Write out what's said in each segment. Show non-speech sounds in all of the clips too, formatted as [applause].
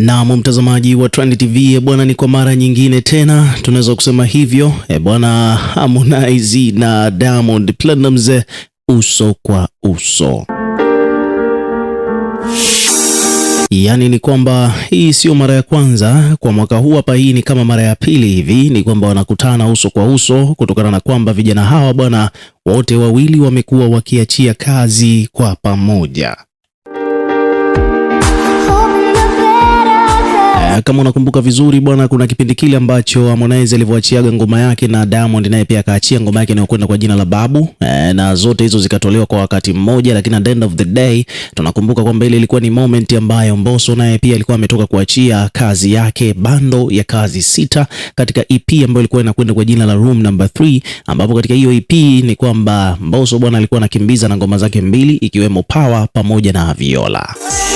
Naam, mtazamaji wa Trend TV eh, bwana, ni kwa mara nyingine tena tunaweza kusema hivyo eh, bwana, Harmonize na Diamond Platnumz eh, uso kwa uso. Yaani ni kwamba hii sio mara ya kwanza kwa mwaka huu hapa, hii ni kama mara ya pili hivi, ni kwamba wanakutana uso kwa uso, kutokana na kwamba vijana hawa bwana, wote wawili wamekuwa wakiachia kazi kwa pamoja. Kama unakumbuka vizuri bwana, kuna kipindi kile ambacho Harmonize alivyoachiaga ngoma yake na Diamond naye pia akaachia ngoma yake inayokwenda kwa jina la Babu e, na zote hizo zikatolewa kwa wakati mmoja, lakini at the end of the day tunakumbuka kwamba ile ilikuwa ni moment ambayo Mbosso naye pia alikuwa ametoka kuachia kazi yake bando ya kazi sita katika EP ambayo ilikuwa inakwenda kwa jina la Room Number 3, ambapo katika hiyo EP ni kwamba Mbosso bwana alikuwa anakimbiza na ngoma zake mbili ikiwemo Power pamoja na Viola. Yeah.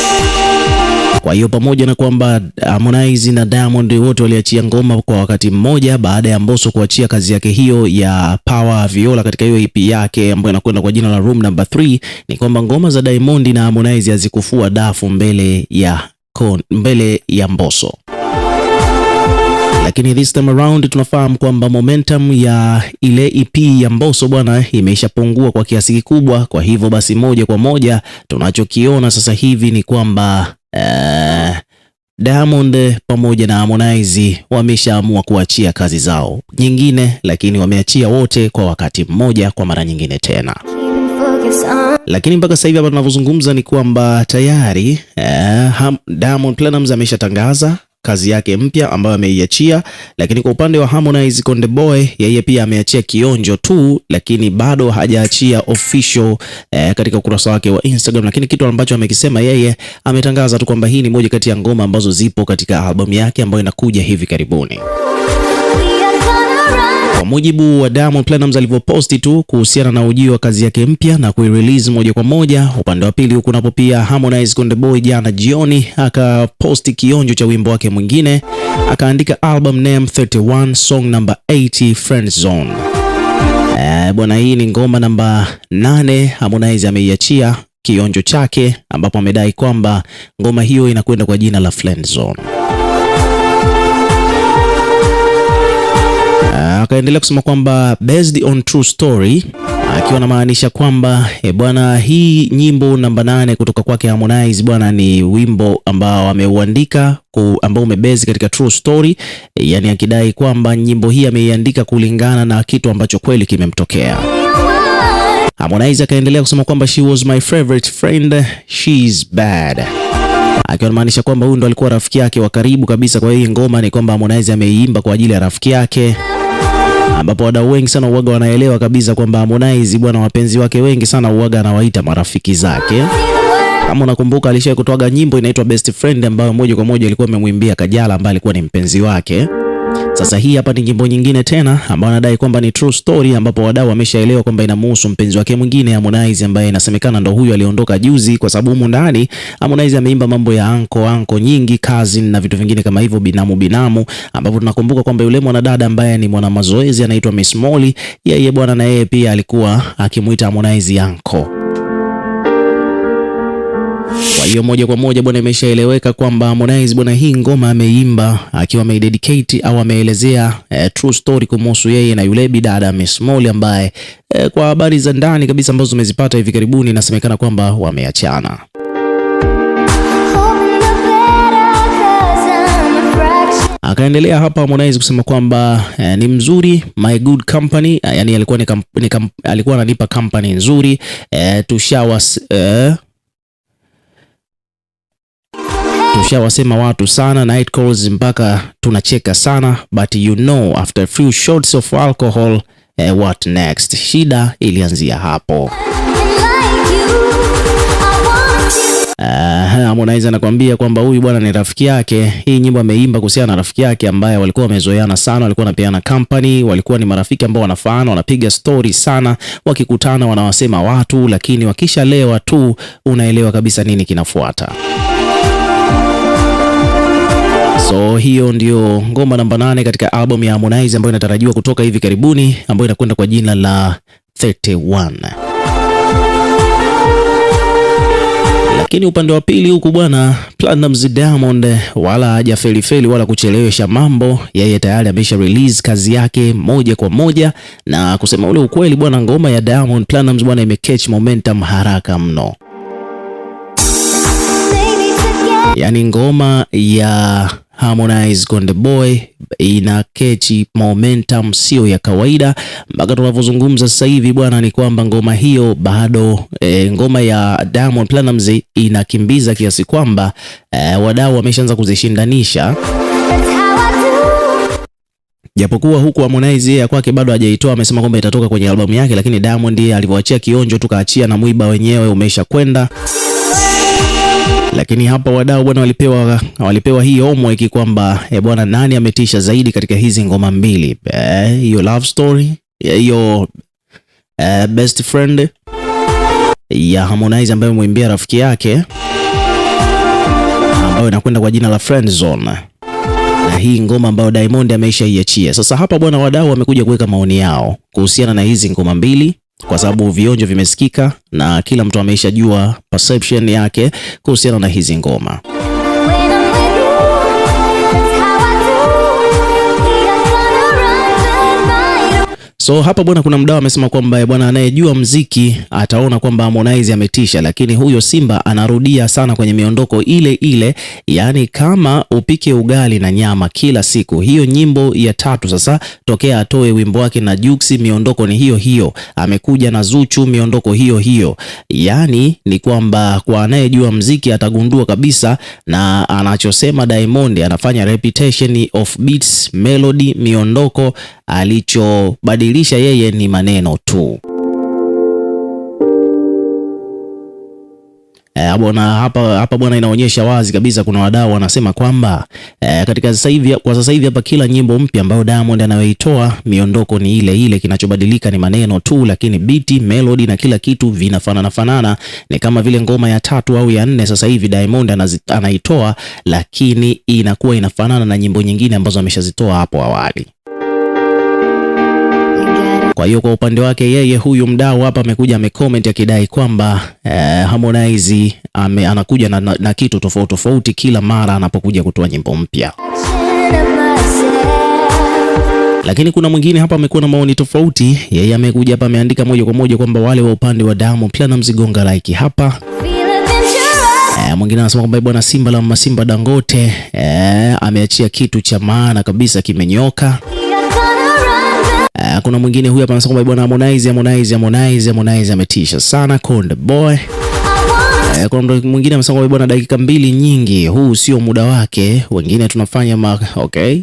Kwa hiyo pamoja na kwamba Harmonize na Diamond wote waliachia ngoma kwa wakati mmoja baada ya Mbosso kuachia kazi yake hiyo ya Power Viola katika hiyo EP yake ambayo inakwenda kwa jina la Room Number 3, ni kwamba ngoma za Diamond na Harmonize hazikufua dafu mbele ya kon, mbele ya Mbosso lakini this time around tunafahamu kwamba momentum ya ile EP ya Mbosso bwana imeshapungua kwa kiasi kikubwa. Kwa hivyo basi, moja kwa moja tunachokiona sasa hivi ni kwamba Eh, Diamond pamoja na Harmonize wameshaamua kuachia kazi zao nyingine, lakini wameachia wote kwa wakati mmoja kwa mara nyingine tena. Lakini mpaka sasa hivi hapa tunavyozungumza ni kwamba tayari eh, Diamond Platnumz ameshatangaza kazi yake mpya ambayo ameiachia. Lakini kwa upande wa Harmonize Konde Boy, yeye pia ameachia kionjo tu, lakini bado hajaachia official eh, katika ukurasa wake wa Instagram. Lakini kitu ambacho amekisema yeye, ametangaza tu kwamba hii ni moja kati ya ngoma ambazo zipo katika albamu yake ambayo inakuja hivi karibuni. Kwa mujibu wa Diamond Platnumz alivyoposti tu kuhusiana na ujio wa kazi yake mpya na kuirelease moja kwa moja. Upande wa pili huku napo pia Harmonize Konde Boy jana jioni akaposti kionjo cha wimbo wake mwingine, akaandika album name 31 song number 80 friend zone. Eh, bwana, hii ni ngoma namba 8 Harmonize ameiachia kionjo chake, ambapo amedai kwamba ngoma hiyo inakwenda kwa jina la friend zone. akaendelea kusema kwamba based on true story, akiwa anamaanisha kwamba e, bwana hii nyimbo namba nane kutoka kwake Harmonize bwana ni wimbo ambao ameuandika ambao umebezi katika true story, eh, yani akidai kwamba nyimbo hii ameiandika kulingana na kitu ambacho kweli kimemtokea. Harmonize akaendelea kusema kwamba she was my favorite friend, she's bad akiwa anamaanisha kwamba huyu ndo alikuwa rafiki yake wa karibu kabisa. Kwa hiyo ngoma ni kwamba Harmonize ameiimba kwa ajili ya rafiki yake ambapo wadau wengi sana uwaga wanaelewa kabisa kwamba Harmonize bwana, wapenzi wake wengi sana uwaga anawaita marafiki zake. Kama unakumbuka alishai kutoaga nyimbo inaitwa Best Friend ambayo moja kwa moja ilikuwa imemwimbia Kajala ambaye alikuwa ni mpenzi wake. Sasa hii hapa ni jimbo nyingine tena ambayo anadai kwamba ni true story, ambapo wadau wameshaelewa kwamba inamuhusu mpenzi wake mwingine Harmonize, ambaye inasemekana ndo huyu aliondoka juzi, kwa sababu humu ndani Harmonize ameimba mambo ya anko anko nyingi, kazi na vitu vingine kama hivyo, binamu binamu, ambapo tunakumbuka kwamba yule mwanadada ambaye ni mwana mazoezi anaitwa Miss Molly, yeye bwana na yeye pia alikuwa akimuita Harmonize anko. Kwa hiyo moja kwa moja bwana, imeshaeleweka kwamba Harmonize bwana, hii ngoma ameimba akiwa ameidedicate au ameelezea eh, true story kumhusu yeye na yule bidada Miss Molly ambaye eh, kwa habari za ndani kabisa ambazo tumezipata hivi karibuni inasemekana kwamba wameachana. Akaendelea hapa Harmonize kusema kwamba eh, ni mzuri my good company, eh, yani alikuwa ni, kamp, ni kamp, alikuwa ananipa company nzuri eh, tushawas eh, Tushawasema watu sana night calls mpaka tunacheka sana, but you know after few shots of alcohol eh, what next? Shida ilianzia hapo. Harmonize anakuambia kwamba huyu bwana ni rafiki yake. Hii nyimbo ameimba kuhusiana na rafiki yake ambaye walikuwa wamezoeana sana, walikuwa wanapeana company, walikuwa ni marafiki ambao wanafaana, wanapiga stori sana, wakikutana wanawasema watu, lakini wakishalewa tu unaelewa kabisa nini kinafuata. So hiyo ndio ngoma namba nane katika album ya Harmonize ambayo inatarajiwa kutoka hivi karibuni ambayo inakwenda kwa jina la 31. Lakini upande wa pili huku bwana Platnumz Diamond wala hajafelifeli wala kuchelewesha mambo, yeye tayari amesha release kazi yake moja kwa moja, na kusema ule ukweli bwana, ngoma ya Diamond Platnumz bwana imecatch momentum haraka mno, yaani ngoma ya Harmonize Konde Boy ina kechi momentum sio ya kawaida. Mpaka tunavyozungumza sasa hivi bwana, ni kwamba ngoma hiyo bado e, ngoma ya Diamond Platnumz inakimbiza kiasi kwamba e, wadau wameshaanza kuzishindanisha japokuwa huku Harmonize yeye kwake bado hajaitoa, amesema kwamba itatoka kwenye albamu yake, lakini Diamond alivyoachia kionjo, tukaachia na mwiba wenyewe umesha kwenda lakini hapa wadau bwana walipewa, walipewa hii homework kwamba e, bwana nani ametisha zaidi katika hizi ngoma mbili eh, hiyo e, love story eh, hiyo e, best friend ya Harmonize ambayo amemwimbia rafiki yake ambayo inakwenda kwa jina la friend zone na hii ngoma ambayo Diamond ameisha iachia. Sasa hapa bwana, wadau wamekuja kuweka maoni yao kuhusiana na hizi ngoma mbili kwa sababu vionjo vimesikika na kila mtu ameisha jua perception yake kuhusiana na hizi ngoma. So hapa bwana, kuna mdau amesema kwamba eh, bwana, anayejua mziki ataona kwamba Harmonize ametisha, lakini huyo Simba anarudia sana kwenye miondoko ile ile, yaani kama upike ugali na nyama kila siku. Hiyo nyimbo ya tatu sasa tokea atoe wimbo wake na Jux, miondoko ni hiyo hiyo. Amekuja na Zuchu, miondoko hiyo hiyo. Yaani ni kwamba kwa anayejua mziki atagundua kabisa, na anachosema Diamond anafanya repetition of beats, melody, miondoko alichobadilisha yeye ni maneno tu. E, eh, bwana hapa hapa bwana, inaonyesha wazi kabisa kuna wadau wanasema kwamba e, katika sasa hivi kwa sasa hivi hapa kila nyimbo mpya ambayo Diamond anayoitoa miondoko ni ile ile, kinachobadilika ni maneno tu, lakini biti, melody na kila kitu vinafanana fanana. Ni kama vile ngoma ya tatu au ya nne sasa hivi Diamond anaitoa, lakini inakuwa inafanana na nyimbo nyingine ambazo ameshazitoa hapo awali. Kwa hiyo kwa upande wake yeye huyu mdau hapa amekuja amecomment akidai kwamba eh, Harmonize ame, anakuja na, na, na kitu tofauti tofauti kila mara anapokuja kutoa nyimbo mpya lakini kuna mwingine hapa amekuwa na maoni tofauti. Yeye amekuja hapa ameandika moja kwa moja kwamba wale wa upande wa damu pia na mzigonga like hapa. E, mwingine anasema kwamba bwana Simba la Masimba Dangote e, ameachia kitu cha maana kabisa kimenyoka. Yeah. Uh, kuna mwingine huyu hapa anasema bwana Harmonize Harmonize Harmonize Harmonize ametisha sana Konde Boy. Uh, kuna mwingine amesema bwana dakika mbili nyingi, huu sio muda wake, wengine tunafanya ma okay.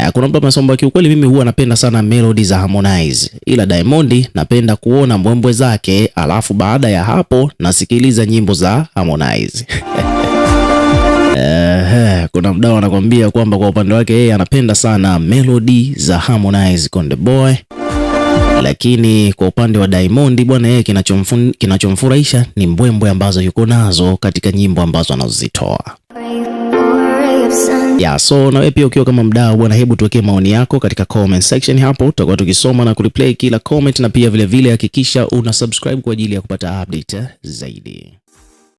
Eh, kuna mtu amesema kiukweli, mimi huwa napenda sana melody za Harmonize, ila Diamond napenda kuona mbwembwe zake, alafu baada ya hapo nasikiliza nyimbo za Harmonize [laughs] eh, kuna mdau anakuambia kwamba kwa upande wake yeye anapenda sana melody za Harmonize Konde Boy, lakini kwa upande wa Diamond bwana, yeye kinachomfurahisha ni mbwembwe ambazo yuko nazo katika nyimbo ambazo anazozitoa ya so na wewe pia ukiwa kama mdau bwana, hebu tuwekee maoni yako katika comment section hapo, tutakuwa tukisoma na kureplay kila comment, na pia vilevile hakikisha una subscribe kwa ajili ya kupata update zaidi.